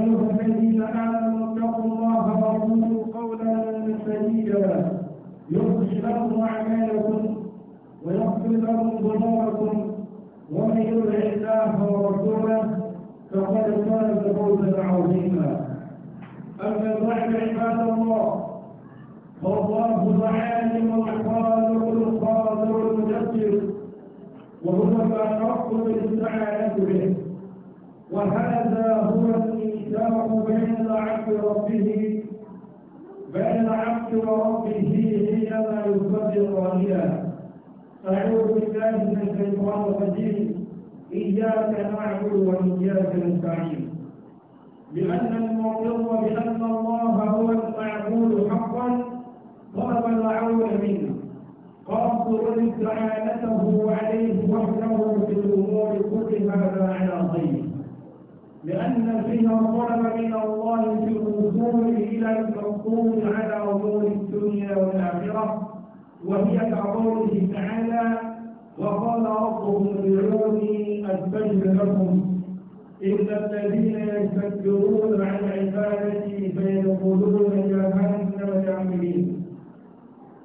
أيها الذين آمنوا اتقوا الله وقولوا قولا سديدا يغفر لكم أعمالكم ويغفر لكم ذنوبكم ومن يطع الله ورسوله فقد فاز فوزا عظيما أما بعد عباد الله فالله العالم الخالق القادر المدبر وهو ما نقصد الاستعانة به وهذا هو الإيمان الإسلام بين العبد وربه بين العبد وربه ما يصدق عليها أعوذ بالله من الشيطان الرجيم إياك نعبد وإياك نستعين لأن المعترف بأن الله هو المعبود حقا طلب العون منه قصد استعانته عليه وحده في الأمور كلها على خير لأن فيها طلب من الله في الوصول إلى المقصود على أمور الدنيا والآخرة وهي كقوله تعالى وقال ربهم ادعوني أستجب لكم إن الذين يستكبرون عن عبادتي سيدخلون جهنم داخلين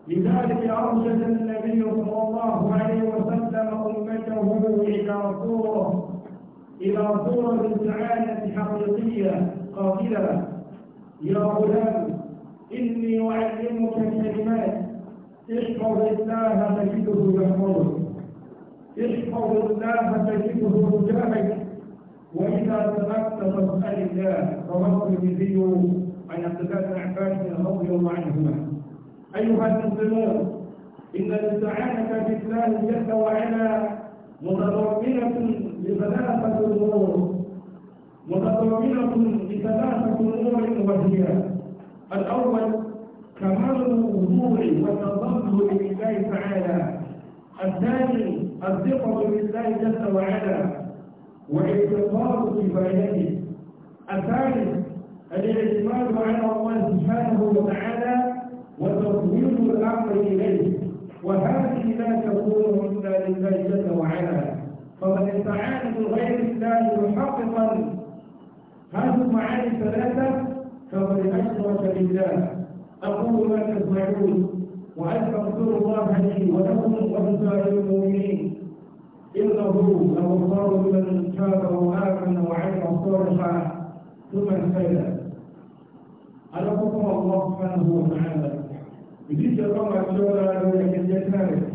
لذلك أرشد النبي صلى الله عليه وسلم أمته إلى رسوله إلى صورة السعادة حقيقية قاتلة يا غلام إني أعلمك كلمات احفظ الله تجده يحفظك احفظ الله تجده تجاهك وإذا تركت فاسأل الله رواه الترمذي عن عبد عباس رضي الله عنهما أيها المسلمون إن الاستعانة بالله جل وعلا متضمنة بثلاثة أمور متضمنة لثلاثة أمور وهي الأول كمال الوضوء والتضرع لله تعالى الثاني الثقة بالله جل وعلا واعتقاد عبادته الثالث الاعتماد على الله سبحانه وتعالى وتطوير الامر اليه وهذه لا تكون الا لله جل وعلا فمن استعان بغير الله محققا هذه المعاني الثلاثة فقد أشرك بالله أقول ما تسمعون وأستغفر الله لي ولكم ولسائر المؤمنين إنه صار لمن تاب وآمن وعلم صالحا ثم اهتدى أنا الله سبحانه وتعالى بجد الله على لك الجنة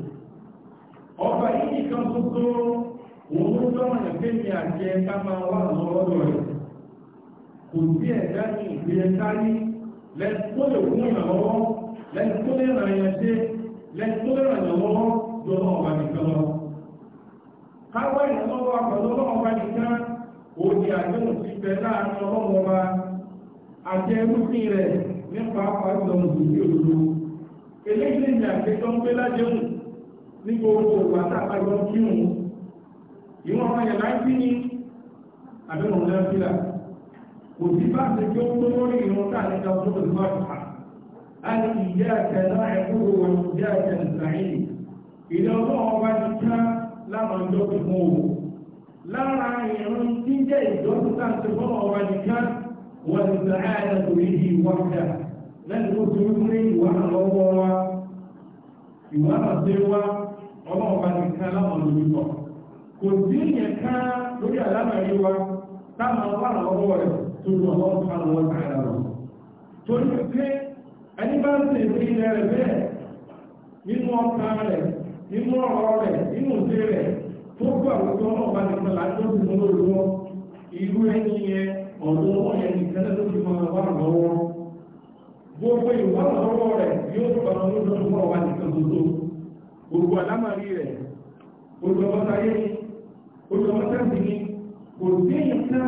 ọba yìí kan tó tó òun ló tọ́wọ́ ní pé mi àti ẹ̀ka máa wà lọ́wọ́dọ̀ rẹ̀ kò sí ẹ̀dá ní ìgbéyẹ kárí lẹ́nu tó lè fún ìrànlọ́wọ́ lẹ́nu tó lè ràn yẹn dé lẹ́nu tó lè ràn yẹn lọ́wọ́ lọ́wọ́ ọba nìkan lọ. káwá ìrànlọ́wọ́ àpọ̀lọ́wọ́ ọba nìkan òdì àdéhùn ti bẹ láàrin ọlọ́wọ́ ọba àti ẹrúfin rẹ̀ nípa pàtó òdòdó eléyìí ní ní gbogbo wàtà àgbàgbọ́ kí òun ìwọ̀n ọmọ yẹn láì sí ní àbẹ̀wò náà fílà kò sí bá ṣe kí ó tó lórí ìwọ̀n tá àti ìjọba tó lè má fà á ní ìyá àtẹ̀lá ẹ̀kúrò wọn ìyá àtẹ̀lá ìsàyìn ìdá ọlọ́run ọba ti ká láwọn ọjọ́ tó mú o lára ìrún tí jẹ́ ìjọsìn tá àti ìjọba ọlọ́run bá ti ká láwọn olùkọ́ kò sí ìyẹn ká lórí àlámàrí wa táwọn wà lọ́wọ́ rẹ̀ tó lọ lọ́wọ́ ká lọ́wọ́ kára lọ. torí pé ẹni bá ń tètè ilẹ̀ rẹ̀ bẹ́ẹ̀ nínú ọkàn rẹ̀ nínú ọ̀rọ̀ rẹ̀ nínú òde rẹ̀ tó gbà wípé ọlọ́run bá ti ká lájọ́ sí mú lórúkọ irú ẹni yẹn ọ̀dọ́ wọn yẹn nìkan ló fi gbogbo ìwà lọ́wọ́ rẹ̀ yóò gbà lójoojúmọ́ wa nìkan tuntun gbogbo àlámàrí rẹ̀ gbogbo ọmọsáyé ni gbogbo ọmọsáyé ni kò sí ìta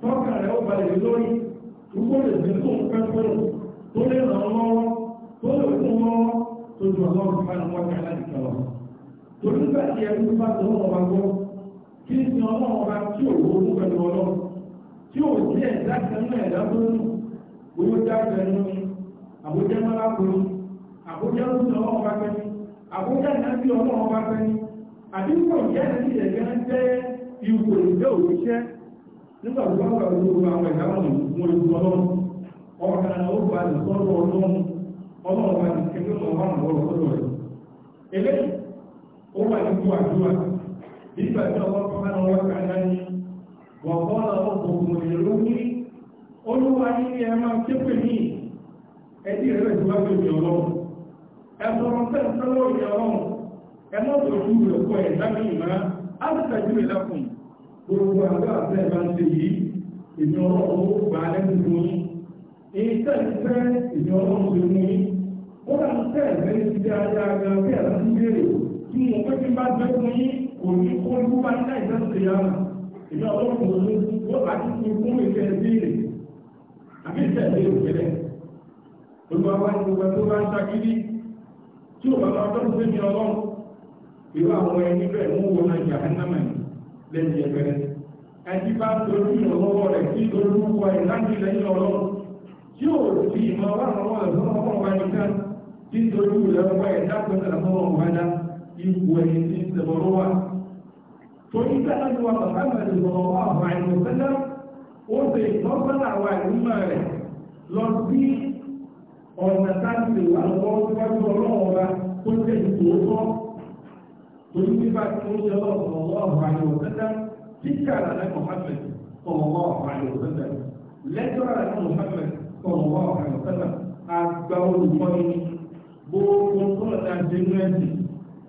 tọ́ka rẹ̀ ó balẹ̀ lórí gbogbo lè fi tó nǹkan pẹ̀lú tó lè ràn án lọ́wọ́ tó lè fún lọ́wọ́ tó ju àwọn olùkọ́ àwọn ọ̀gá láti kọ̀ torí nígbà tí ẹni tó bá tó wọn wá gbọ́ kí ni ọlọ́run bá tí ò wọ́n mú pẹ̀lú ọlọ́run tí ò sí ẹ̀dá kan náà ẹ̀dá tó nù gbogbo jáde ẹnu ni àbójá mọ́lá kò ní àbójá ń sọ ọlọ́run bá kẹ́ni àbújá ìnáàbí ọlọ́wọ́ bá fẹ́ ní àdínkù jẹ́ ẹ̀rí ẹ̀gẹ́ jẹ́ ipò ìgbé òṣìṣẹ́ nígbà ẹ̀sọ̀rọ̀ tẹ́lẹ̀ sọ́wọ́ ìyàwó ẹmọ́bòrò rẹ̀ kọ́ ẹ̀ lágbìmá alùsàjú rẹ̀ lákùn gbogbo àgbà àti ẹ̀bá ń ṣe yìí ìyọ̀rọ̀ owó gbà lẹ́nu lóyún èyí tẹ́lẹ̀ fẹ́ ti di aga bí ti tí mo fi fún àbí tí ò bàbá tó ń gbé mi ọlọ́run irú àwọn ẹni bẹ́ẹ̀ mú wọn náà jà hánámà lẹ́yìn ẹgbẹ́rẹ́ ẹni bá torí ìrànlọ́wọ́ rẹ̀ tí olúwa ìlànà lẹ́yìn ọlọ́run tí ò fi ìmọ̀ wà lọ́wọ́ rẹ̀ fún ọmọ wa nìkan tí torí ìrànlọ́wọ́ ẹ̀ dákọ̀ọ́sẹ̀ fún ọmọ wa dá ipò ẹni tí ń sẹ̀bọ̀ lọ́wọ́ torí dáná ni wọn bàbá náà lè lọ́wọ́ àwọn àìmọ̀ sẹ́lẹ̀ ó ṣe ìtọ́sọ́nà àwọn àìmọ̀ rẹ̀ lọ sí ọ̀nà táàbì wà lọ́wọ́ síwájú ọlọ́wọ́ wa tó jẹ́ ìtòótọ́ torí nípa tí ó yẹ lọ́wọ́ ọ̀rọ̀ àyè òṣèlú tíṣà rẹ̀ Mohammed ọ̀wọ́ àyè òṣèlú lẹ́tọ́rà rẹ̀ Mohammed ọ̀wọ́ àyè òṣèlú àgbà olùkọ́ni gbogbo tọ́lọ̀dá jẹ́mẹ́sì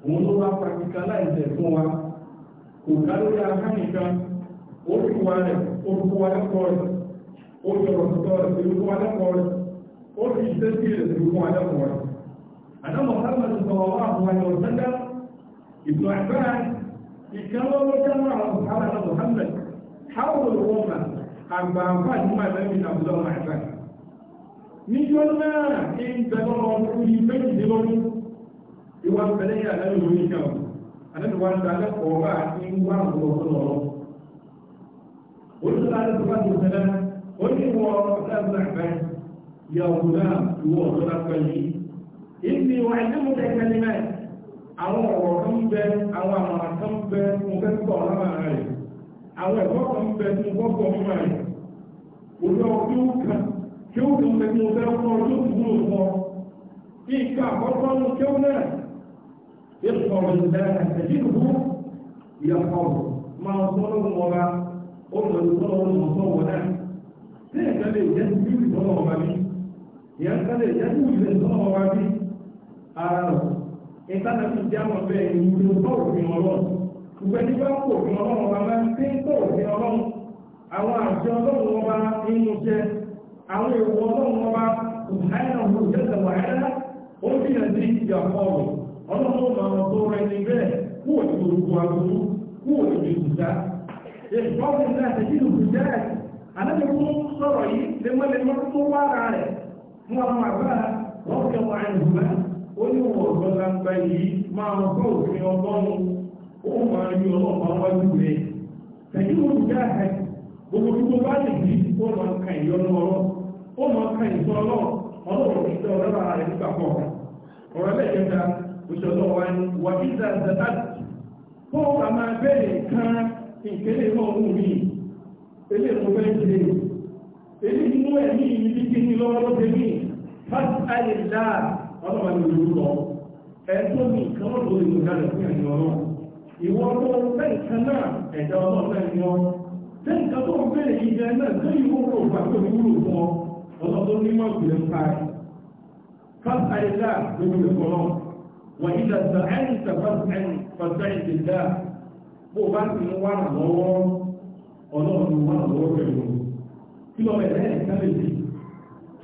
òun ló wá pàtíkà láìsẹ̀ fún wa kò ká lórí ahánìká ó fi wa rẹ̀ ó wa lẹ́kọ̀ọ́ rẹ̀ ó yọ̀rọ̀ sọ̀rọ̀ ko su yi tasiri da su kuma adam wani adam muhammad sallallahu alaihi wa sallam ibnu abbas ìkànnì ọmọ kẹwàá àwọn sàrà náà muhammad hàwọn olùwọ́mà àgbà àgbà nígbà lẹ́yìn àbúlọ̀ ọmọ àgbà níjọ́ náà ń bẹ̀rẹ̀ ọmọ yìí méjìlélógún ìwà bẹ̀rẹ̀ yà lẹ́yìn lórí kan àdéhùn wa ń da lẹ́kọ̀ọ́ ó ní wọ́n ọ̀rọ̀ yà òkúta ìwọ ọ̀tọ́lá pẹ̀lú ìsìn wà ní mú kẹ́kẹ́ ní mẹ́ àwọn ọ̀rọ̀ kan bẹ àwọn àmàlà kan bẹ mo fẹ́ kọ́ ọ̀lámà rẹ̀ àwọn ẹ̀kọ́ kan bẹ mo fọ́ kọ́ ọ̀lámà rẹ̀ òjò kí ó kàn kí ó kàn bẹ mo fẹ́ kọ́ ọjọ́ ìwúlò fọ́ kí ìka àkọ́kọ́ ní kí ó náà ìfọ̀ ìlẹ̀ ẹ̀dínwó ìyàpọ̀ máa sọ́nà wọn wa ó lọ sọ́nà wọn sọ́wọ́ náà ìyáǹkálẹ̀ ìyájú ìlẹ̀ sọ́nà wa bí ara rẹ̀ ìtànà ti di àwọn bẹ́ẹ̀ ni ìlú tó òfin ọlọ́run gbogbo ẹni bá kó òfin ọlọ́run wa máa ń pín kó òfin ọlọ́run àwọn àjọ ọlọ́run wọn bá inú jẹ àwọn èèwọ̀ ọlọ́run wọn bá ìhàyà òun ìjẹsẹ̀ wà ẹ́rẹ́ ó ń gbìyànjú ìjà ọ̀rọ̀ ọlọ́run máa tó rẹ ní bẹ́ẹ̀ kú òní orúkọ agbóró kú òní ìdùdá èèyàn bá wọn ní ní ọmọ àgbà wọ́n kẹ́ wọ́n àìjùmá ó ní wọ́n gbọ́gbàgbà yìí máa ń kó òfin ọlọ́run ó máa yí ọlọ́pàá wájú rẹ̀ tẹ̀yí mo dá ẹ̀ gbogbo gbogbo bá lè bí ó máa ka ìyọnu ọlọ́ ó máa ka ìtọ́ ọlọ́ ọlọ́run ti tẹ ọ̀rẹ́ bàrà rẹ̀ nígbà pọ̀ ọ̀rọ̀ lẹ́yẹ̀ta òṣèlú wa ni wà ní zanzata tó a máa bẹ̀rẹ̀ kan ìkéde náà eléyìí mo fẹ́ ṣe eléyìí dáa ọlọ́wà ní olùkọ́ ẹ̀tọ́ ní nǹkan ọ̀rọ̀ lórí ìgbàlẹ̀ fún ẹ̀yìn ọ̀rọ̀ ìwọ ọmọ ọgbẹ́ nǹkan náà ẹ̀dá ọlọ́ọ̀lá ẹ̀yìn ọ tẹ́ nǹkan tó ń bẹ̀rẹ̀ yìí jẹ náà tó yìí wúrò pàtó ní wúrò fún ọ ọlọ́dọ́ ní mọ̀ ìpìlẹ̀ ń pa ẹ̀ fásitì ẹ̀dá lórí ìkọ́ náà wà ìdá sàáyìn sàfàsàáyìn fàsàáyìn ẹ̀dá bó bá ti ń wà lọ́wọ́ ọlọ́ọ̀dún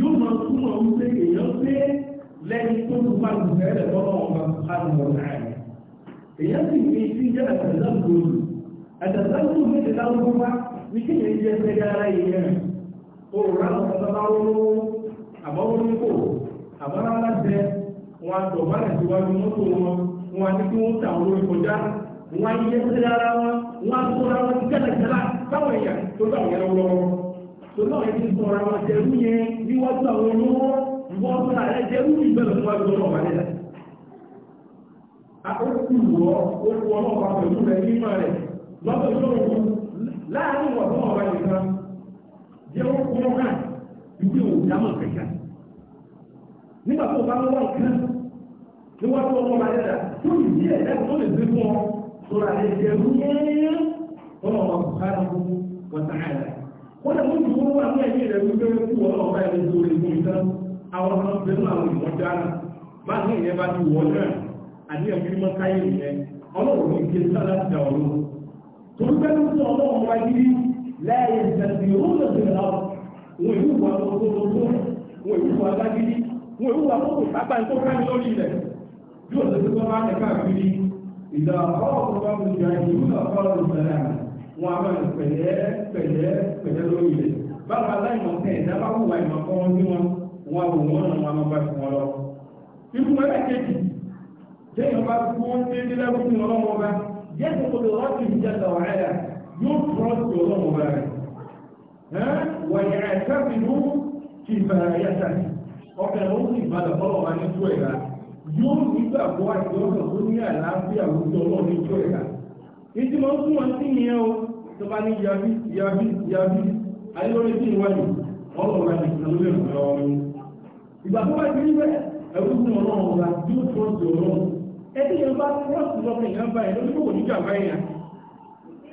yóò máa túmọ̀ wípé èèyàn pé lẹ́yìn tó ń bá ìfẹ́ rẹ̀ lọ́wọ́ ọba àdùnnà náà èèyàn sì fi sí jẹ́ àtẹ̀sán gbòòrò àtẹ̀sán tó méje láwùjọ wá ní kí èèyàn jẹ́ ẹgbẹ́ ara èèyàn òòrùn àwọn ọ̀sán bá wọ́n lówó àbáwọ́ ní kò àbára aláṣẹ wọn àtọ̀ bá rẹ̀ síwájú mọ́tò wọn wọn àti kí wọ́n ta owó ìkọjá wọn á yẹ ẹgbẹ́ ara wọn wọn á sọ́ra wọn ti jẹ́ àtẹ̀sán láwọn èèyàn tó bá wọn yẹn lọ́wọ́ tó bá wọn yẹn ti sọ̀rọ̀ àwọn àtẹ̀rú yẹn níwájú àwọn olówó wọ́n fúnra rẹ̀ jẹ́ rú ìgbẹ̀rẹ̀ níwájú ọlọ́ọ̀bá nílẹ̀ àkókò wọ́ orúkọ ọlọ́ọ̀bá pẹ̀lú rẹ̀ nímọ̀ rẹ̀ lọ́pọ̀ ìṣòro láàrin wọ̀ fún ọ̀bá nìkan jẹ́ orúkọ ọ̀hà ìgbé òjámọ̀ kẹ̀kẹ́ nígbà tó bá ń wọ́n kan níwájú ọlọ́ọ̀bá nílẹ̀ tó ìdí ẹ̀dá tó lè gbé fún ọ sọ̀rọ̀ àlejò ẹ̀rú yẹ́n ọlọ́ọ̀bá bùkárà wọ́n sáà wọ́n tẹ̀ wọ́n tún wọ́n ní ẹ̀yìn rẹ̀ wípé kú ọlọ́ọ̀bá ẹni tó lè fún ìtàn àwọn ọmọ bẹ̀rù àwọn ìwọ̀n dára bá ní ìyẹn bá ti wọ́n náà àní ẹ̀mí mọ́ káyé ìyẹn ọlọ́run ní kí sá láti dà ọ̀rọ̀ tó ń bẹ́ẹ̀ tó ọlọ́run wá yí láàyè ìtẹ̀sí òun lè bẹ̀rẹ̀ lọ wọn ìlú wa tó tó tó tó wọn ìlú wa lágídí wọn ìlú wa tó kò wọn a máa ń pẹ̀lẹ́ pẹ̀lẹ́ pẹ̀lẹ́ lórí ilẹ̀ báwọn aláìmọ̀ tẹ̀ ẹ̀dá bá wù wá ìmọ̀ kọ́ wọn sí wọn wọn wò wọn ràn wọn bá fi wọn lọ. irú mẹ́rẹ̀ kejì jẹ́yìn bá kú ó dé nílẹ̀ fún ọlọ́wọ́ bá jẹ́ kòkòrò rọ́ọ̀tì ìjẹta ọ̀rẹ́ rẹ̀ yóò tọ́ọ̀tì ọlọ́wọ́ bá rẹ̀ wọ̀nyí ẹ̀ka fi mú kì í bẹ̀rẹ̀ yẹta ló ń fún wọn sí tó bá ní yọbí yọbí yọbí ayélujára tí ìwọ ni wọn lọ wọlé ìṣẹ̀lẹ̀ lórí ìrọ̀lẹ́ wọn ni. ìgbà tó bá ti rí bẹ́ẹ̀ ẹ̀rú sí ọlọ́run ọba tí ó tó ti ọlọ́run ẹni yẹn bá rọ́ọ̀sì lọ́kàn ìyá báyìí lórí kò ní jàmbá yẹn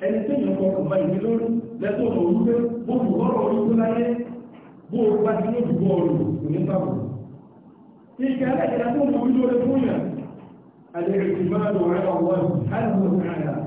ẹni tí ìyẹn kọkàn báyìí lórí lẹ́tọ̀ ọ̀rọ̀ wípé bó ti wọ́rọ̀ orí tó láyé bó o bá ti lóbi bọ́ ọ̀rọ̀ kò ní sábà. ìkà ẹlẹ́kẹ̀ẹ́ tó ń mọ orí lórí fún yàn àlejò ìmáàlú rẹ̀ ọ̀wọ́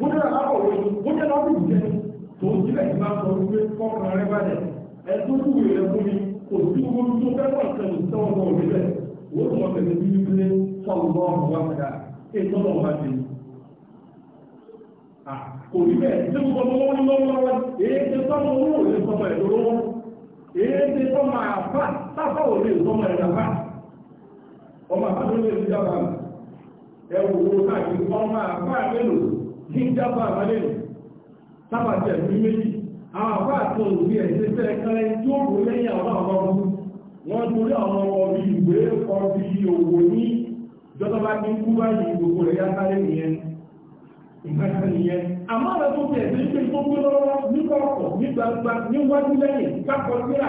wọ́n tẹ̀lé akọ̀wé wọ́n tẹ̀lé ọ́fíìsì jẹ́ tó ń tilẹ̀ ìgbà sọ wípé kọ́kàn rẹ balẹ̀ ẹ tó kú fún mi kò sí gbogbo tó fẹ́ wà sẹ́nu sẹ́wọ́n náà òbí bẹ̀ wọ́n tún wọn tẹ̀lé bíbí pé sọ̀rọ̀ ọ̀rọ̀ wá padà ètò ọ̀rọ̀ wá dé. kò rí bẹ́ẹ̀ tí mo sọ fún wọn lọ́wọ́lọ́wọ́ èé ṣe sọ́mọ owó òde sọmọ ẹ̀ lọ́wọ́ èé ṣe àfà sáfà òde sọmọ ẹ̀ kí n jábọ̀ àmàlẹ́ nù sábàtẹ̀ ní méjì àwọn àbá àti òbí ẹ̀sẹ̀ sẹ́ẹ̀ kẹrẹ tí ó wò lẹ́yìn àwọn ọmọ ọdún wọ́n torí àwọn ọmọ bí ìwé ọdún òwò ní ìjọba ní kú báyìí gbogbo rẹ̀ yákálẹ̀ nìyẹn ìgbàkan nìyẹn àmọ́ rẹ̀ tó tẹ̀ sí pé tó gbé lọ́wọ́ ní kọ̀ọ̀kọ̀ ní gbangba níwájú lẹ́yìn kákọ̀ síra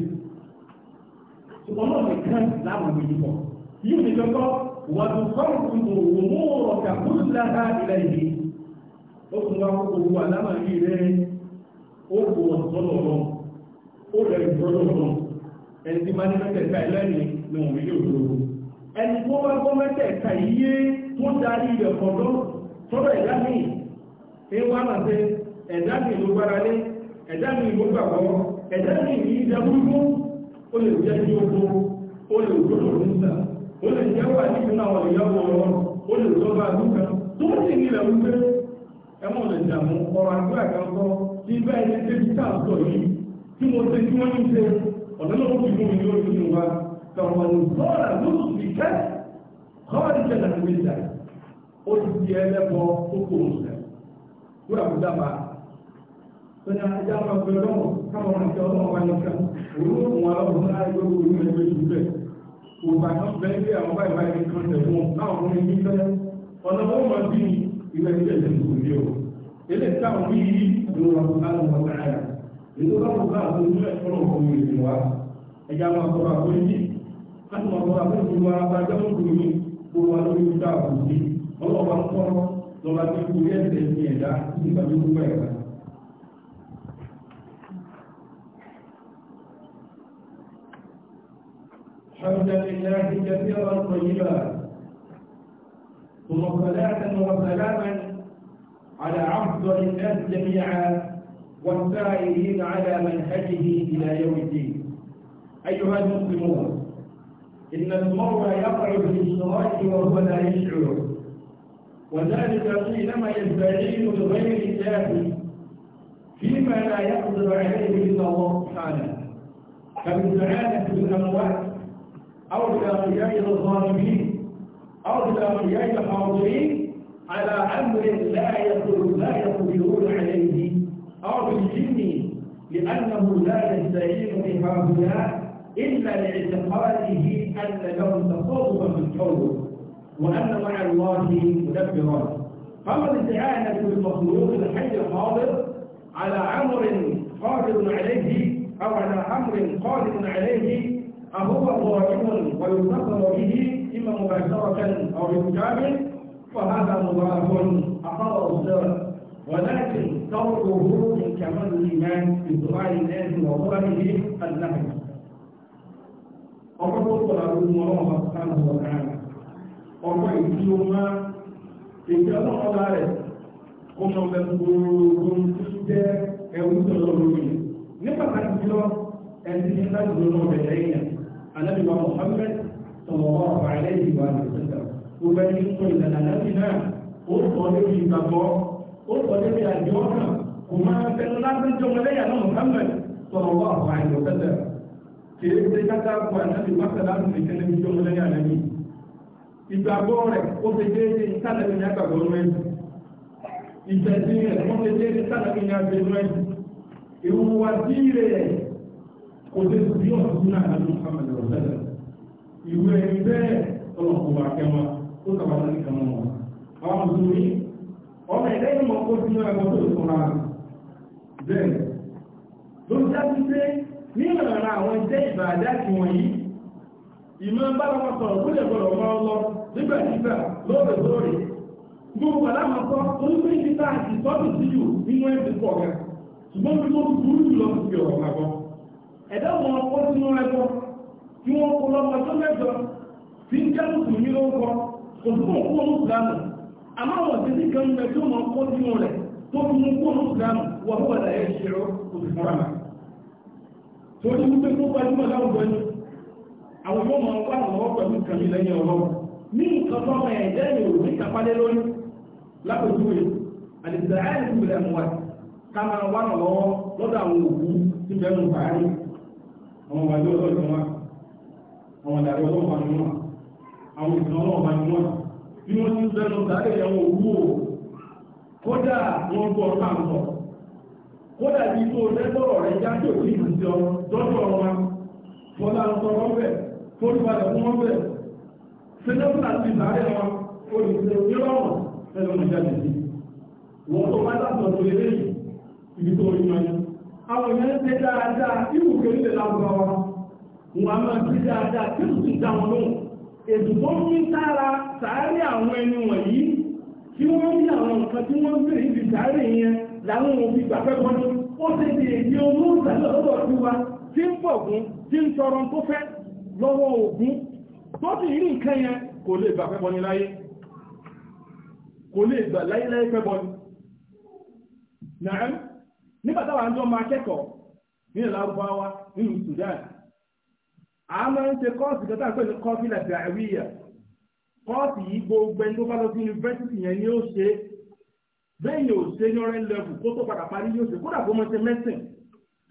ṣùgbọ́n náà nìkan láwọn òbí bọ̀ yìí ní kankan wà tó kọ́rù kùtù òmù ọ̀kà kúrú lára ilẹ̀ yìí ó tún wá kó owó àlámà yìí rẹ̀ ó kó ọ̀sọ́lọ̀ lọ ó rẹ̀ ìtọ́lọ̀ lọ ẹni tí máa ní mẹ́tẹ̀ẹ̀ta ẹlẹ́rìí ni wọ́n mi yóò lò ẹni tó bá gbọ́ mẹ́tẹ̀ẹ̀ta yìí tó darí ilẹ̀ kọ̀ọ̀dọ́ tọ́lọ̀ ẹ̀dá mi ewa máa ṣe ẹ̀dá mi ló gbára lé ẹ̀dá mi ló gbàgbọ́ ẹ̀dá mi ní ìdàgbùgbù ó lè jẹ́ ní ogun ó lè gbọ́dọ̀ níta ó lè jẹ́ wà ní ìpínlẹ̀ àwọn ìyàwó ọlọ́run ó lè jọba àdúgbà tó ń sì nílẹ̀ wípé ẹmọ̀ lè dààmú ọ̀rọ̀ àdúrà kan kọ́ tí bá ẹni débi tá à ń yìí tí mo ṣe tí wọ́n ń ṣe ọ̀nà náà fi mú mi ní orí mi wá kàwọn ìbọ́ra ló sì kẹ́ kọ́ọ̀dì jẹ́ nàìjíríà ó ti di ẹlẹ́bọ tó kò ń sẹ́ kúrò àbúdá máa sọ́jà ẹja máa gbé lọ́wọ́ káwọn ọmọ ìjọ ọlọ́wọ́ wáyé kan òun ó wọn lọ́wọ́ náà ẹgbẹ́ òun ní ẹgbẹ́ jù bẹ́ẹ̀ òun àná bẹ́ẹ̀ bí àwọn báyìí báyìí kan tẹ̀ wọn káwọn ọmọ ẹni fẹ́ ọ̀nà wọn máa bí ìwé ìjẹ́ ìjẹ́ ìjẹ́ o ilé táwọn bí yìí ló wà fún àwọn ọmọ náà ètò láwọn bá àwọn onímọ̀ ẹ̀kọ́ ọ̀gbọ̀n òun ìsìn wa ẹja máa sọ̀rọ̀ àforíjì láti máa sọ̀rọ̀ àforíjì wa abájọ́ òkùnrin gbogbo alórí ìta àbòsí ọlọ́ọ̀bá ń kọ́ lọ́ba tó kú ẹ̀sẹ̀ nígbà tó kú ẹ̀ka حمدا لله كثيرا طيبا ثم صلاة وسلاما على أفضل الناس جميعا والسائرين على منهجه إلى يوم الدين أيها المسلمون إن المرء يقع في الصلاه وهو لا يشعر وذلك حينما يستعين بغير الله فيما لا يقدر عليه إلا الله سبحانه فمن سعادة الأموات أو بأولياء الظالمين أو بأولياء الحاضرين على أمر لا لا يقدرون عليه أو بالجن لأنه لا يستعين بهؤلاء إلا لاعتقاده أن لهم تصرفا في الكون وأن مع الله مدبرا فما الاستعانة بالمخلوق الحي الحاضر على أمر قادر عليه أو على أمر قادر عليه أهو ظالم وينتصر به إما مباشرة أو بالكامل فهذا مضاعف أقره الشرع ولكن تركه من كمال الإيمان بدعاء الناس وظاهره النهي ọkọ̀ tó kọ̀lá lórí ọlọ́run bá sánà lọ náà ọkọ̀ ìdí o máa èdè ọlọ́run ọlá rẹ̀ ó mọ bẹ gbogbo tó jẹ́ ẹ̀rú tó lọ lórí ní pàtàkì lọ ẹni ní láti lọ́nà ọ̀bẹ̀ lẹ́yìn النبي محمد صلى الله عليه وسلم gbogbo ẹni sọ ìlànà lẹ́yìn náà ó sọ níbi ìgbàgbọ́ ó sọ níbi àjọ ọ̀nà kò máa fẹ́nu lásán jọmọ lẹ́yìn àná Muhammad sọ̀rọ̀ wà fún àìsàn tẹ́lẹ̀ kìí ṣe káta kó ànábì mọ́tàlá ń fi kẹ́lẹ́ jọmọ lẹ́yìn àná yìí ìgbàgbọ́ rẹ̀ ó fi déédéé sálẹ̀mí ní àgbàgbọ́ rẹ̀ ìjẹ́sí rẹ̀ ó fi déédéé sálẹ̀mí ní àgbàgbọ́ rẹ̀ ìwùwàsí rẹ̀ òṣèlú bí ọ̀sùn náà ní na kàmẹ́lẹ̀ ọ̀sẹ̀lẹ̀ ìwé ẹni bẹ́ẹ̀ ọlọ́kùnrin akẹ́wà tó sàbàtà ní kan wọn àwọn mùsùlùmí ọmọ ẹ̀dẹ́ ìmọ̀ kó sínú ẹ̀kọ́ tó sọ̀rọ̀ àrùn bẹ́ẹ̀ ló ń dájú pé ní ìrànlá àwọn iṣẹ́ ìbàdáàkì wọ̀nyí ìmọ̀ ń bá wọn sọ̀rọ̀ tó lè gbọ́dọ̀ máa lọ nígbàdígbà lóòrèlóòrè gbogbo àlámọ̀ sọ onígbé ìdíkà àti ìtọ́jú sí yù nínú ẹ̀sìn pọ̀ ṣùgbọ́n burú jùlọ sí ọ̀rọ̀ ẹ̀dá wọn kó sínú ẹgbọ́ tí wọ́n kó lọ́pọ̀ tó mẹ́jọ tí ń jẹ́ lùkù ní orúkọ kò tó ní àmọ́ kan mẹ́ tó sínú rẹ̀ tó fi mú ní wọ́n ṣe wípé tó láwùjọ ni àwọn yóò máa wá kàmí lẹ́yìn ní nǹkan tó àwọn ọba ìjọ́ ọlọ́run àwọn ìdàrí ọlọ́run wọn ni àwọn ìtàn ọlọ́run wọn ni bí wọ́n ti bẹ́ẹ̀ lọ sáré ìyàwó owó kódà wọn gbọ́ ọ̀rọ̀ náà sọ kódà bí tó lẹ́tọ̀rọ̀ rẹ̀ jáde òkú ìrìnsẹ̀ ọ lọ́dọ̀ wọn fọlá ń wọn bẹ̀ sẹ́dọ̀fún àwọn èèyàn ṣe dáadáa ìwù kéńté lágbàwá wọn a máa ṣe dáadáa tí ó sì dáwọn lóhùn ètò tó ń sára sàárè àwọn ẹni wọ̀nyí tí wọ́n ní àwọn nǹkan tí wọ́n ń bèrè ibi sàárè yẹn làwọn òbí gbàgbẹ́ kan ní ó ṣe di èyí owó ìsàlẹ̀ ọ̀dọ̀ sí wa tí ń pọ̀ gún tí ń tọrọ tó fẹ́ lọ́wọ́ ògún tó sì rí nǹkan yẹn kò lè gbà pẹ́bọ ní láyé kò lè gbà láyé láyé pẹ́bọ ní nígbà táwọn àjọ máa kẹ́kọ̀ọ́ nínú lárúbáwá nínú Sudan a máa ń ṣe kọ́ọ̀sì kan táwọn pè ní kọ́ọ̀sì làbẹ̀rẹ̀wìyà kọ́ọ̀sì yìí gbogbo ẹni tó bá lọ sí yunifásitì yẹn ni ó ṣe bẹ́ẹ̀ yóò ṣe ní ọ̀rẹ́ lẹ́bù kó tó padà parí yóò ṣe kódà kó mọ ṣe mẹ́sìn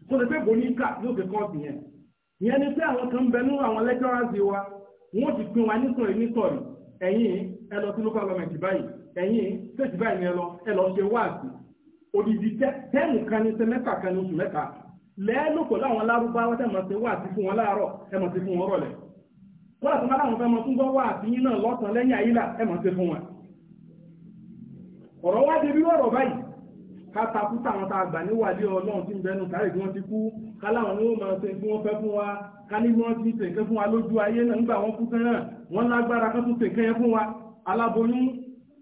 kó lè pé boníkà yóò ṣe kọ́ọ̀sì yẹn ìyẹn ni pé àwọn kan bẹ nínú àwọn lẹ́kọ́rọ́sì wa wọ́n ti pín wa nítorí nítorí ẹ̀yin ẹ lọ sí local government báyìí ẹ̀yin state báyìí ni ẹ lọ òdìdí tẹ́ẹ̀mù kan ní sẹ́mẹ́fà kan ní oṣù mẹ́ta lẹ́ẹ̀lò pẹ̀lú àwọn lárúbáwá tẹ́ mọ̀ sí wà sí fún wọn láàárọ̀ ẹ mọ̀ sí fún wọn rọ̀lẹ́ kọ́lá tó máa fẹ́ mọ̀ fún gbọ́ wà sí yín náà lọ́sàn lẹ́yìn àyílà ẹ mọ̀ sí fún wọn ọ̀rọ̀ wá dé bí ọ̀rọ̀ báyìí ká takú táwọn tá a gbà ní wàlé ọlọ́run tí ń bẹnu kárí tí wọ́n ti kú ká láwọn ni wọ́n máa ṣe tí wọ́n fẹ́ fún wa ká ní wọ́n ti ṣe fún wa lójú ayé náà nígbà wọ́n kú kan náà wọ́n lágbára kan tún ṣe yẹn fún wa aláboyún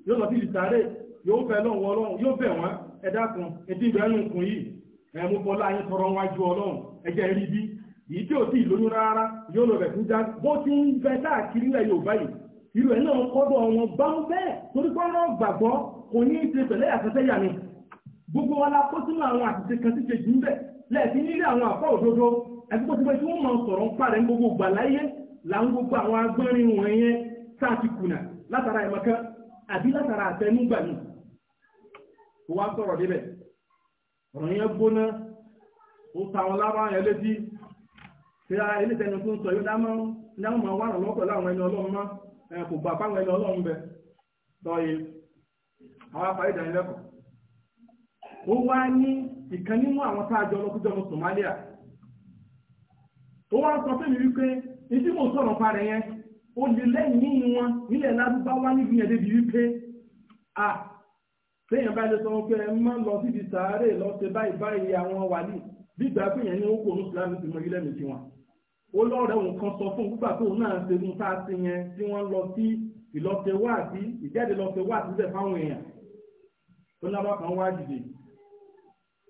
yóò lọ sí ìsàrè yóò fẹ́ lọ́wọ́ ọlọ́run yóò bẹ̀ wọ́n ẹ dákun ẹdí ìbẹ́nu nkùn yìí ẹ mú bọ́lá yín tọrọ wájú ọlọ́run ẹjẹ́ rí bí yìí tí ò tí ì lóyún rárá yóò lọ bẹ̀ tún já bó ti ń bẹ káàkiri ilẹ̀ Yorùbá yìí irú ẹ̀ náà kọ́dọ̀ wọn bá ń bẹ́ẹ̀ torí pé wọ́n gbàgbọ́ kò ní í ṣe pẹ̀lẹ́ àtẹ́tẹ́yà ni gbogbo wa la kó sínú àwọn àṣìṣe kan ti ṣe jù ń bẹ̀ lẹ́ẹ̀fín nílé àwọn àfọ òdodo ẹ̀fí bó ti fẹ́ tí wọ́n máa sọ̀rọ̀ ń parẹ́ gbogbo gbà láyé là ń gbogbo àwọn agbọ́nrin wọ̀nyẹn tá ti kùnà látara ẹ̀mọ̀kan àbí látara àtẹnugbà ni tó wá sọ̀rọ̀ débẹ̀ ọ̀rọ̀ yẹn gbóná ó ta wọn yẹn létí tí a elétẹni tó ń sọ yóò dámọ́ dámọ́ máa wà ràn lọ́pọ̀ láwọn ẹni ọlọ́run mọ́ kò gbà fáwọn ẹni ọlọ́run bẹ tọ́yẹ àwọn afárí ó wá ní ìkan nínú àwọn tá a jọ lọ síjọba Somalia ó wá sọ fún mi téèyàn bá lè sọ pé ẹ má lọ síbi sàárè lọ ṣe báyìí báyìí àwọn wàlí gbígbà pé yẹn ní ó kò ní Islam ti mọ ilé mi ti wọn ó lọ́rẹ̀ òun kan sọ fún gbígbà tóun náà ṣe mú tá a ṣe yẹn tí wọ́n lọ sí ìlọ́tẹ̀wáàdì ìjáde lọ́tẹ̀wáàdì bẹ̀ fáwọn èèyàn tó lábá kan wá dìde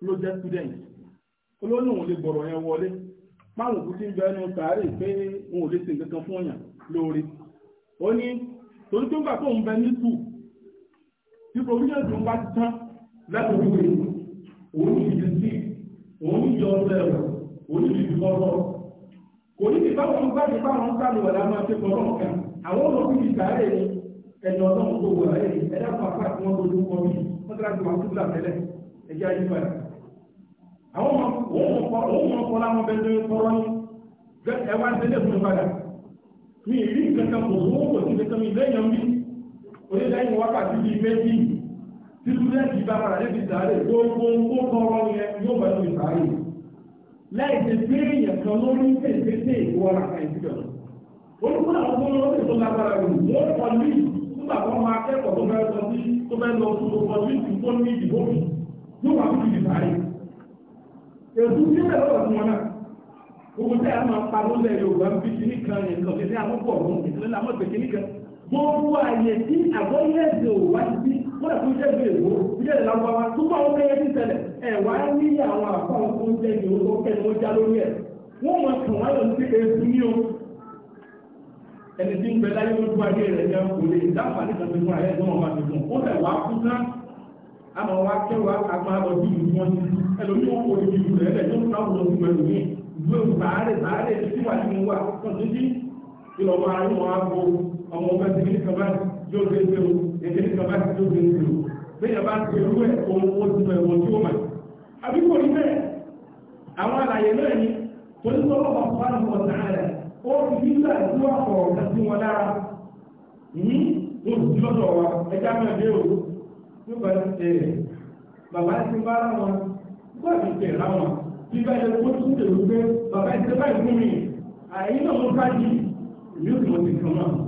ló jẹ́ student olóòlù òun lè gbọ̀rọ̀ yẹn wọlé páwọn òkú tí ń bẹ ẹnu sàárè pé òun ò lè ṣe nǹkan kan fún ọ̀yàn lóore ó ní torí tó ń gbà tí provision tó ń bá ti tán lẹ́kọ̀ọ́wé òun ní ìdí sí òun ní ìyọ ọ̀sẹ̀ ẹ̀rọ òun ní ìdí kọ́kọ́ kò ní ti báwọn ń gbàgbé báwọn ń sálò wà láwọn ṣe kọ́ lọ́ọ̀kà àwọn olóògbé ti sáré ẹ̀yìn ọlọ́run tó wà lẹ́yìn ẹ̀dá kan apá tí wọ́n tó dún kọ́ bí wọ́n ti láti wà fún ìlà tẹ́lẹ̀ ẹ̀jẹ̀ ayé padà àwọn òun mọ̀ kọ́ láwọn bẹ́ẹ̀ tó tọrọ ní ẹwà tẹ́lẹ̀ fún ìpadà mi ìrí nǹkan kan kò sówó kò sí nǹkan mi lẹ́yìn ọ̀gbìn oníṣẹ́yìn wákàtí bíi méjì tí túlẹ́ẹ̀tì bá padà débi sàárè gbogbo ó tọrọ yẹn yóò bá lórí sàárè láì ṣe pé èèyàn kan lórí pèsè ìwọ ra kan ìdíjọ olùkọ́ àwọn tó lọ́wọ́ tó lágbára rẹ̀ wọ́n kọ́ ní nígbà tó máa kẹ́kọ̀ọ́ tó fẹ́ lọ sí tó fẹ́ lọ sí tó kọ́ ní ìdìbò ní ìdìbò yóò wá fún ìdìbò sàárè èdú tí ó lọ́wọ́ fún wọn náà gbogbo tí a máa pa lólẹ̀ Yorùbá ń bí kíníkan yẹn gbogbo àyè tí àgbọ́yé ẹ̀sìn ò wá sí wọ́n ẹ̀kú iṣẹ́ ìgbé èkó iṣẹ́ ìlà ń wa tó bá wọn kẹ́yẹ ti ṣẹlẹ̀ ẹ̀ ní àwọn àpá ọkọ̀ oúnjẹ ní orúkọ kẹ́ni wọ́n já lórí ẹ̀ wọ́n mọ̀ kàn wá lọ sí èsì ní o ẹni tí ń bẹ láyé ló dúwà ní ẹ̀rẹ̀ jẹ́ kò lè dáfà ní kan tuntun àyẹ̀ tó wọn tuntun ó fẹ́ wá kú tán àmọ́ wá kẹwàá agbá lọ ìlú wọn àwọn ọmọ ẹgbẹ́ kaba yóò dé o ẹgbẹ́ kaba yóò dé ṣe o bẹ́ẹ̀ bá ṣe irú ẹ̀ ti tí ó mà. àbí kò ní bẹ́ẹ̀ àwọn àlàyé náà ni fún àwọn rẹ̀ ó fi nígbà tí wọ́n kọ̀ sí wọn lára ní oṣù wa ẹja dé o nígbà tí bàbá ti bá wọn tẹ̀ bàbá báyìí fún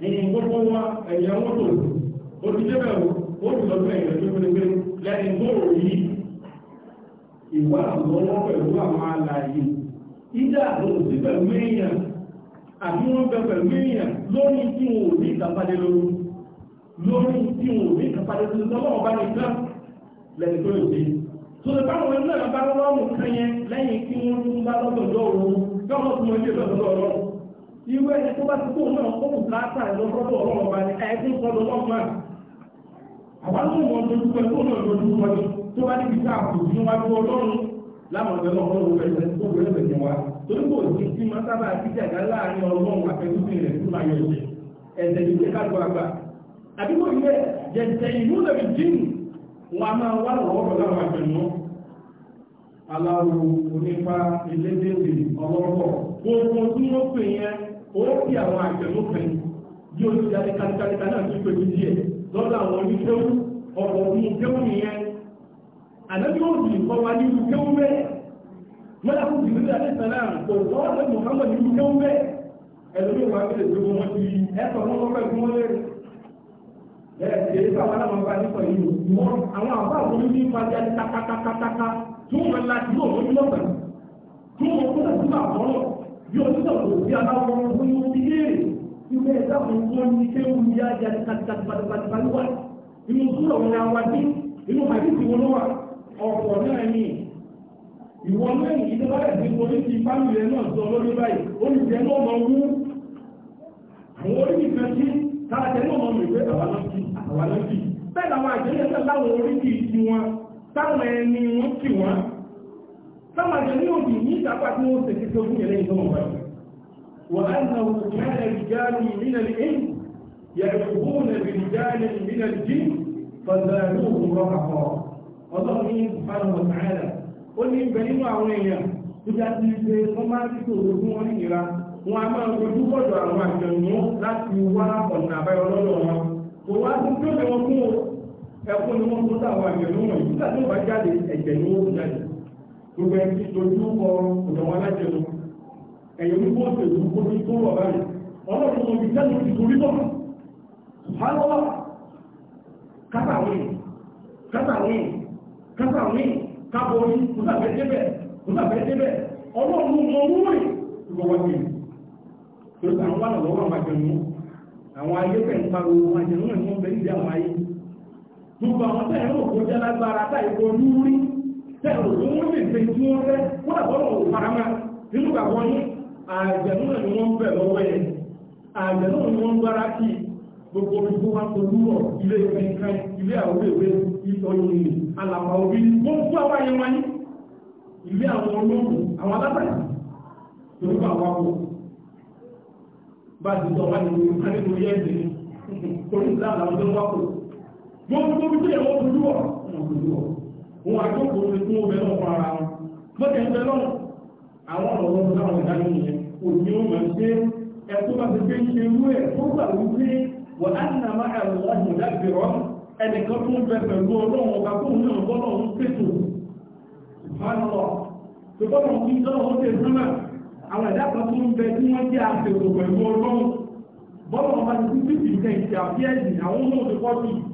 nínú gbogbo wa ẹ̀yàn wọn tó o ti débẹ̀ o ó ti lọ sí ẹ̀yàn tó péré péré lẹ́ni tó o rí ìwà àlọ́wọ́ pẹ̀lú àwọn alààyè ìdá àlọ́ sí pẹ̀lú èèyàn àbí wọ́n bẹ pẹ̀lú èèyàn lórí tí wọn ò ní ìtàpadé lórí lórí tí wọn ò ní ìtàpadé lórí tọ́lọ́ ọba nìkan lẹ́ni tó o rí tòlè báwọn ẹni náà bá lọ́wọ́ mú kányẹ lẹ́yìn kí wọ́n tún bá lọ́dọ̀ọ́dọ́ òun kí wọ́n tún mọ ilé lọ́dọ̀ọ́dọ́ ọlọ́run irú ẹni tó bá ti kó náà ó kù káàtà ìlọ́sọ́dọ̀ ọlọ́run bá ní ẹ̀ẹ́dín sọ́dọ̀ lọ́gbà àwọn tó mọ̀ lójú pẹ̀lú tó náà lójú pẹ̀lú tó bá níbi tá àpò tí wọ́n wájú ọlọ́run láwọn ọ̀dọ́ náà lọ́wọ́ ẹgbẹ́ tó wọlé ẹgbẹ́ wa torí kò sí sí máa sábà àtijàgá láàrin ọlọ́run àfẹ́sùsìn rẹ̀ tó máa yọ ẹ̀jẹ̀ ẹ̀jẹ̀ ìgbé kájọ àgbà àdúgbò ilé jẹ̀jẹ̀ ìlú lẹ́bi jíìnì wọn a máa wá lọ́wọ́ láwọn àjẹmọ́ aláwo onípa ilédèwé ọlọ́rọ̀ gbogbo tí wọ́n pè yẹn ó fi àwọn àjẹ̀mú kan bí o ti jáde kárìkárìkà náà ti pèmí díẹ̀ lọ́dọ̀ àwọn oníkéwú ọ̀rọ̀ ọ̀hún kéwú nìyẹn àdájọ́ òbí kọ́ wa ní kéwú bẹ́ẹ̀ mọ́lá kò jìbìtì àdéṣàlá kò wọ́ ọ̀dọ̀ Muhammad ní kéwú bẹ́ẹ̀ ẹ̀lómi wà á bẹ̀rẹ̀ gbogbo wọn ti ẹ̀kọ́ wọn kọ́ fẹ́ fún wọn lé ẹ̀ẹ́dẹ̀ báwa náà máa bá nípa yìí wọ́n àwọn àbá àwọn oníbí ń parí àti takatakataka tí wọ́n máa láti yóò lójúmọ́ pẹ̀lú tí wọ́n kó lọ́sùn bá àwọn náà yóò sọ̀rọ̀ bí aláwọ̀ ọ̀hún yóò fi léèrè ilé ẹ̀dá kan tó ní pé wù yá ya kàtàkàtàkàtàkàtà wà inú sọ̀rọ̀ wọn wá dé inú àdìsí wọn wà ọ̀pọ̀ náà ní ìwọ mẹ́rin ìjọba ẹ̀sìn orí ti fáwọn ilẹ̀ náà sọ lórí báyìí olùjẹ́ náà mọ̀ wú àwọn orí nìkan sí káàkiri náà mọ̀ mẹ́fẹ́ àwàlọ́sí bẹ́ẹ̀ làwọn àjẹyẹ sáwọn àjọ ní òbí ní ìjàpá tí wọ́n tẹ̀sí tó fún ẹlẹ́yìn tó mọ̀ báyìí wà á nà wò kẹ́lẹ̀ ìjáàlì nínàlì ẹ̀yìn يعرفون برجال من الجن فزادوهم رهقا ọlọ́run ní ìbára ọ̀tàrà ó ní bá jáde ẹ̀jẹ̀ ni wọ́n jáde gbogbo ẹni tí ọrụ kọ ọ̀dọ̀wọ́ alájẹ̀lú ẹ̀yọ ní bọ́ọ̀sì èdè kó ní tó wà báyìí ọlọ́run tó ti tẹ́lú ti torí tọ̀ hálọ́wà kátàwìn kátàwìn kátàwìn kúsàfẹ́ débẹ̀ ọlọ́run tó wà lọ́wọ́ àwọn ayé fẹ́ ń pariwo ní tẹ́lù wọ́n lè fẹ́ tí wọ́n fẹ́ wọ́n àbọ̀rọ̀ òfarama nínú àbọ̀ ní àjẹ̀nú náà ni wọ́n bẹ̀ lọ́wọ́ yẹn àjẹ̀nú ni wọ́n gbára kí gbogbo gbogbo wa pẹ̀lú rọ̀ ilé ìwé nǹkan ilé àwọn ìwé ìtọ́ ìrìn alàpà òbí gbogbo àwọn ayé wáyé ilé àwọn olóògùn àwọn alábẹ̀rẹ̀ torí bá wà wò bá ti sọ wá nínú kánínú yẹn dè ní torí ìlànà àwọn tó wà wò gbogbo gbogbo ìyẹn wọ́n pẹ̀lú rọ̀ kó fi kún ọbẹ̀ náà fún ara wọn bọ́tẹ̀ ń bẹ lọ́nà àwọn ọ̀rọ̀ wọn láwọn ìdájọ́ yẹn òní ó máa ṣe ẹ̀kọ́ bá ti gbé ṣe irú ẹ̀ tó gbà wípé wà á nà má àwọn ọ̀hún láti rọ́ ẹnìkan tó ń bẹ pẹ̀lú ọlọ́run ọba tó ń náà bọ́lọ̀ ń tètò ìfánilọ́ tó bọ́lọ̀ ń fi lọ́wọ́ ó tètò náà àwọn ẹ̀dá kan tó ń bẹ tí wọ́n jẹ́ àtètò pẹ̀lú ọlọ́run bọ́lọ̀ ọba ti ọmọ òṣèpọ̀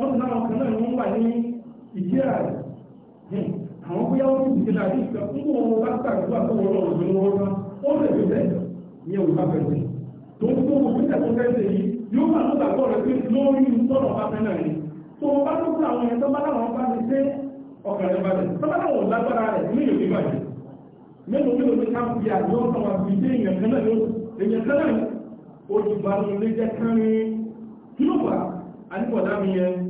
wọ́n ti náà kan náà wọ́n wà ní ìjẹ́ra rẹ̀ àwọn bóyá wọ́n ti ṣe láti ìgbà fún wọn bá gbàgbọ́ àtọwọ́ ọlọ́run ní wọ́n rán wọ́n lè bẹ̀rẹ̀ ní ẹ̀wù bá bẹ̀rẹ̀ tó ń tó wọn nígbà tó fẹ́ẹ́ yìí yóò máa ló gbàgbọ́ rẹ̀ pé lórí tọ́nà bá fẹ́ náà ni tó wọn bá tó fún àwọn ẹ̀ tó bá láwọn bá ti dé ọkàn rẹ̀ balẹ̀ tó bá láwọn lágbára rẹ̀ ní ìlú ìbàjẹ́ mélòó mélòó ní ká fi àjọ ọ̀sán wa fi dé èèyàn kan náà èèyàn kan náà ó ti bá lóun lé jẹ́ kárin kí ló wà á ní bọ̀dá mi yẹn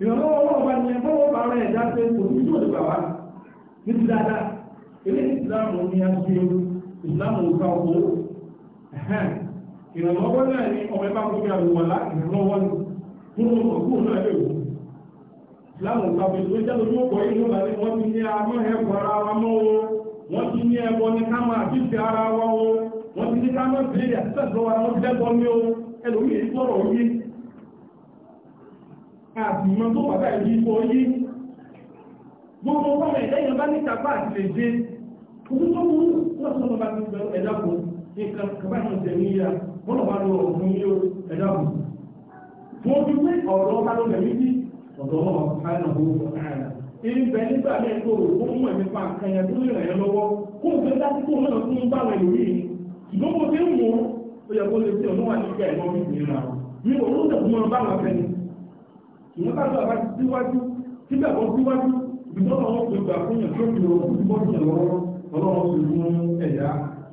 ìrànlọ́wọ́ ọlọ́ọ̀bá ni ẹ ọba rẹ̀ ẹ̀dá pé kò ní yóò lè bà wá níbi dáadáa ilé a ṣe ìsìláàmù ká ìrànlọ́wọ́ náà ni ọmọ ẹgbẹ́ akọ́bí àwòwàlá ìrànlọ́wọ́ ni fún náà lè wò ọkọ̀ yìí lọ́la wọ́n ti ní amọ́ wa mọ́ o wọ́n ti ní ẹbọ ní àbìmọ̀ tó bàbá ìlú ipò yí gbogbo ọmọ ẹ̀lẹ́yìn bá ní tàbá àti lè dé ojú tó mú lọ́sọ̀ lọ́ba ti bẹ̀rù ẹ̀dàkù nǹkan kàbá ìlú tẹ̀ ní ìyá wọ́n lọ́ba lọ ọ̀fun ní ẹ̀dàkù wọ́n fi wé ọ̀rọ̀ ọba ló lẹ̀mí sí ọ̀dọ̀ ọmọ àìnà owó àìnà ìbẹ̀ nígbà mẹ́rin tó rò ó mú ẹ̀mí pa nǹkan yẹn tó lè ràn yẹn lọ́wọ́ kó o fẹ́ dásí kó o náà fún bá wọn lórí ṣùgbọ́n mo fẹ́ mú ó yẹ kó lè fi ọ̀nà wà nígbà ẹ̀mọ́ mi nira mi ò lóṣẹ̀ fún ọ bá wọn fẹ́ ni ìyẹn bá tó àbá ti síwájú síbẹ̀ kan síwájú ìgbìmọ̀ wọn pè gbà fún yẹn tó fi òkú bọ́ sí ọ̀rọ̀ ọlọ́run sì mú ẹ̀yà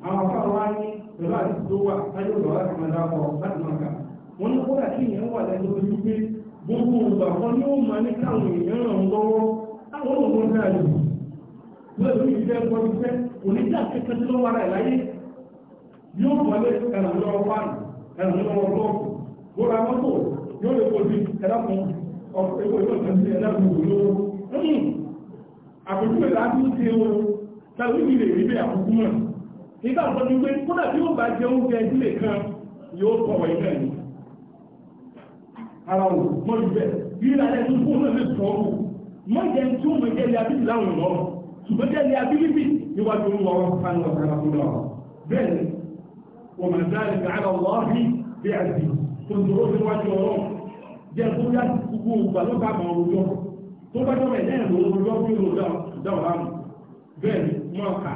àwọn afárá wa ní pẹ̀lú àti tó wà láyé máa dákọ̀ láti máa kà wọ́n ní kódà kí ìyẹn wà lẹ́nu ojú pé gbogbo ìgbà kan ní ó máa ní káwọn èèyàn lọ́wọ́ yóò lè kó di ọ̀pẹ̀lú ìlọ́pẹ̀lú ẹlẹ́gbùn olówó àpẹ̀lú ìlàájú ti o tàbí ilẹ̀ ìrìbẹ̀ àkókò mọ̀ nígbà tó ní pé kódà tí ó bá jẹ oúnjẹ ìdílé kan yóò kọ̀wọ̀ ilẹ̀ ni ara wò mọ́ ibẹ̀ ìrìnlẹ̀ alẹ́ tó fún náà lè sọ ọ́ mọ́ jẹ tí ó mọ̀ jẹ́ ilé abíbí láwọn ìlọ́ ṣùgbọ́n jẹ́ ilé abíbí níwájú olúwa wọn fún àwọn ọ̀sán àkókò lọ bí àti tó dúró níwájú jẹ́ kó yá gbogbo ògbà ló bá mọ ọrọjọ tó bá dọ́wọ́ ẹ̀ lẹ́yìn lórí ọjọ́ bí ó dáwọ̀ láàmú bẹ́ẹ̀ ni máa kà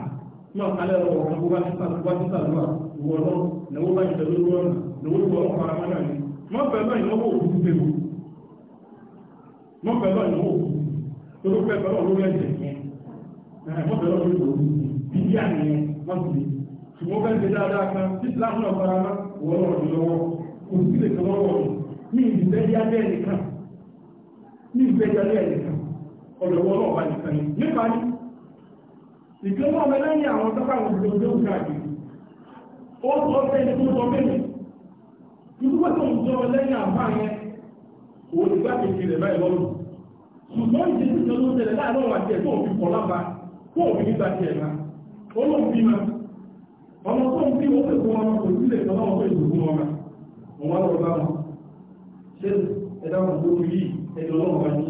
máa kà lẹ́rọ ọ̀rọ̀ bó bá ti sàlù bá ti sàlù wà wọ̀ lọ lọ́wọ́ bá ìṣẹ́ lórí ọ̀nà lọ́wọ́ ìwọ̀ ọ̀rọ̀ ara mọ́nà ni mọ́ pẹ̀lú ìnáwó òkú pẹ̀lú mọ́ pẹ̀lú ìnáwó òkú tó ló pẹ̀lú ọ̀rọ̀ ẹ̀jẹ̀ yẹn mọ́ pẹ̀lú ọ̀rọ̀ ìwọ̀ òkú bíbí àníyàn wọ́n ti ṣùgbọ́n bẹ́ẹ̀ ṣe dáadáa kan tí islam náà fara wọ́n lọ́wọ́ kò sí lè kọ́ lọ́wọ́ mi ìdílé yá bẹ́ẹ̀ nìkan ìgbẹ́jọ ní ẹ̀nìkan ọ̀dọ̀wọ́ náà wà nìkan ní nípa ní ìgbẹ́mọ̀ ọmọ lẹ́yìn àwọn tọ́ka àwọn òdòdó ń káàkiri ó sọ pé ní tó sọ mẹ́rin ìdúgbò tó ń sọ lẹ́yìn àbá yẹn kò ní bá kejì rẹ̀ báyìí lọ́rùn ṣùgbọ́n ìdíjú tó ló tẹ̀lé láàárọ̀ àti ẹ̀ tó òfin kọ̀ lába tó òfin nígbà tiẹ̀ ma ó ló ń bí ma ọmọ tó ń bí ó pè fún ọmọ kò sílẹ̀ tọ́lá ọmọ ìdòdó wọn ma wọn wá lọ bá wọn ṣé ẹ̀dọ̀ ọlọ́run wá ní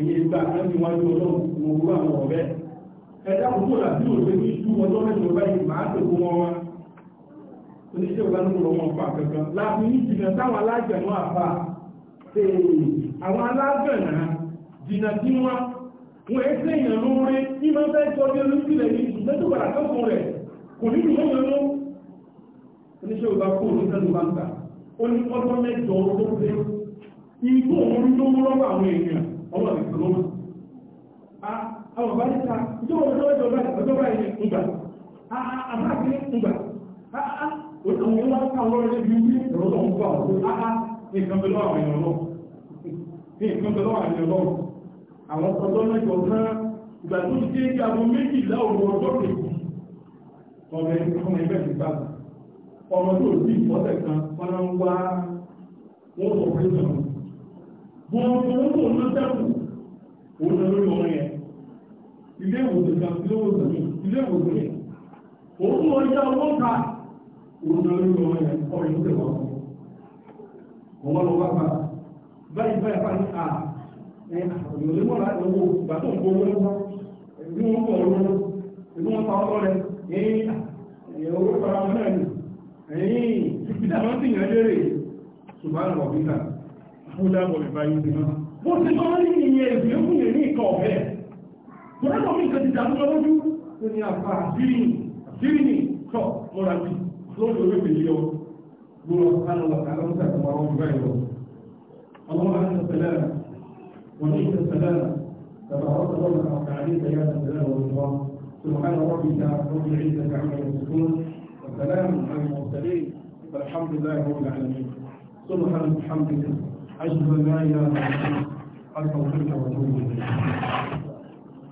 ẹ̀yẹ ìgbà àti wájú ọlọ́run gbogbo àwọn ọ̀rẹ́ ẹ̀dá òkú làbí òṣè ní ìṣú ọjọ́ mẹ́jọ báyìí máa ń tẹ̀kọ́ wọn wá oníṣẹ́ ìgbà ní ọmọ ọ̀pá kankan láti ní jìnà táwọn alájẹ̀nú àfà àwọn alájẹ̀nà jìnà tí wọ́n wọ́n ẹ̀ tẹ́ ìyàn lóore ní máa fẹ́ jọ ní olú sílẹ̀ ní ìṣùgbọ́n tó padà kọ́kọ́ rẹ̀ kò nínú wọn yọ lọ oníṣẹ́ ìgbà kó ní sẹ́nu bá ń gbà ó ní ọdún mẹ́jọ ọdún ikú òun tó mú lọ́wọ́ àwọn èèyàn ọwọ́ ìsìn lọ́wọ́ àwọn bá ní ta ìjọba ọjọ́ ìjọ báyìí ọjọ́ báyìí ń gbà àbá àti ń gbà àwọn ìwà àwọn ọ̀rẹ́ bí wí ìrọ̀lọ́ ń gbà ọ̀rọ̀ áá nǹkan pẹ̀lú àwọn èèyàn lọ nǹkan pẹ̀lú àwọn èèyàn lọ àwọn ọjọ́ mẹ́jọ kan ìgbà tó ti dé aago méjìlá òru ọjọ́ kejì ọ̀rẹ́ ọmọ ẹgbẹ́ ti gbà ọmọ tó ti ìfọ́sẹ̀ kan wọn ń wá wọn sọ pé sọ̀rọ̀ gbogbo owó ló dẹ́kù òun ló lórí ọmọ yẹn ilé ìwòsàn kan ilé ìwòsàn yìí ilé ìwòsàn yẹn òun ló yá owó ká òun ló lórí ọmọ yẹn ọ̀rọ̀ ìlú tẹ̀wọ́ ọmọ wọn lọ wá pa mo dábọ̀ lè báyìí sí náà bó ṣe máa rí ìyẹn ìfẹ́ fún yẹn ní ìkọ̀ ọ̀fẹ́ tó dábọ̀ mi nǹkan ti dà lọ lójú ó ní àpá àṣírí àṣírí ni tọ̀ mọ́ra bí lórí orí ìpèlè yọ lóra sánà lọ sí aláwọ̀ sàkó àwọn ọmọ ìgbà yọ àwọn ọmọ àti sẹlẹ̀rà wọn ní ìṣẹ̀ sẹlẹ̀rà tàbí àwọn ọmọ àti àdéhùn yà sẹlẹ̀rà wọn سبحان ربك رب العزة عما يصفون وسلام على المرسلين والحمد لله رب العالمين سبحان الحمد لله أشهد أن لا إله إلا الله أستغفرك وأتوب إليك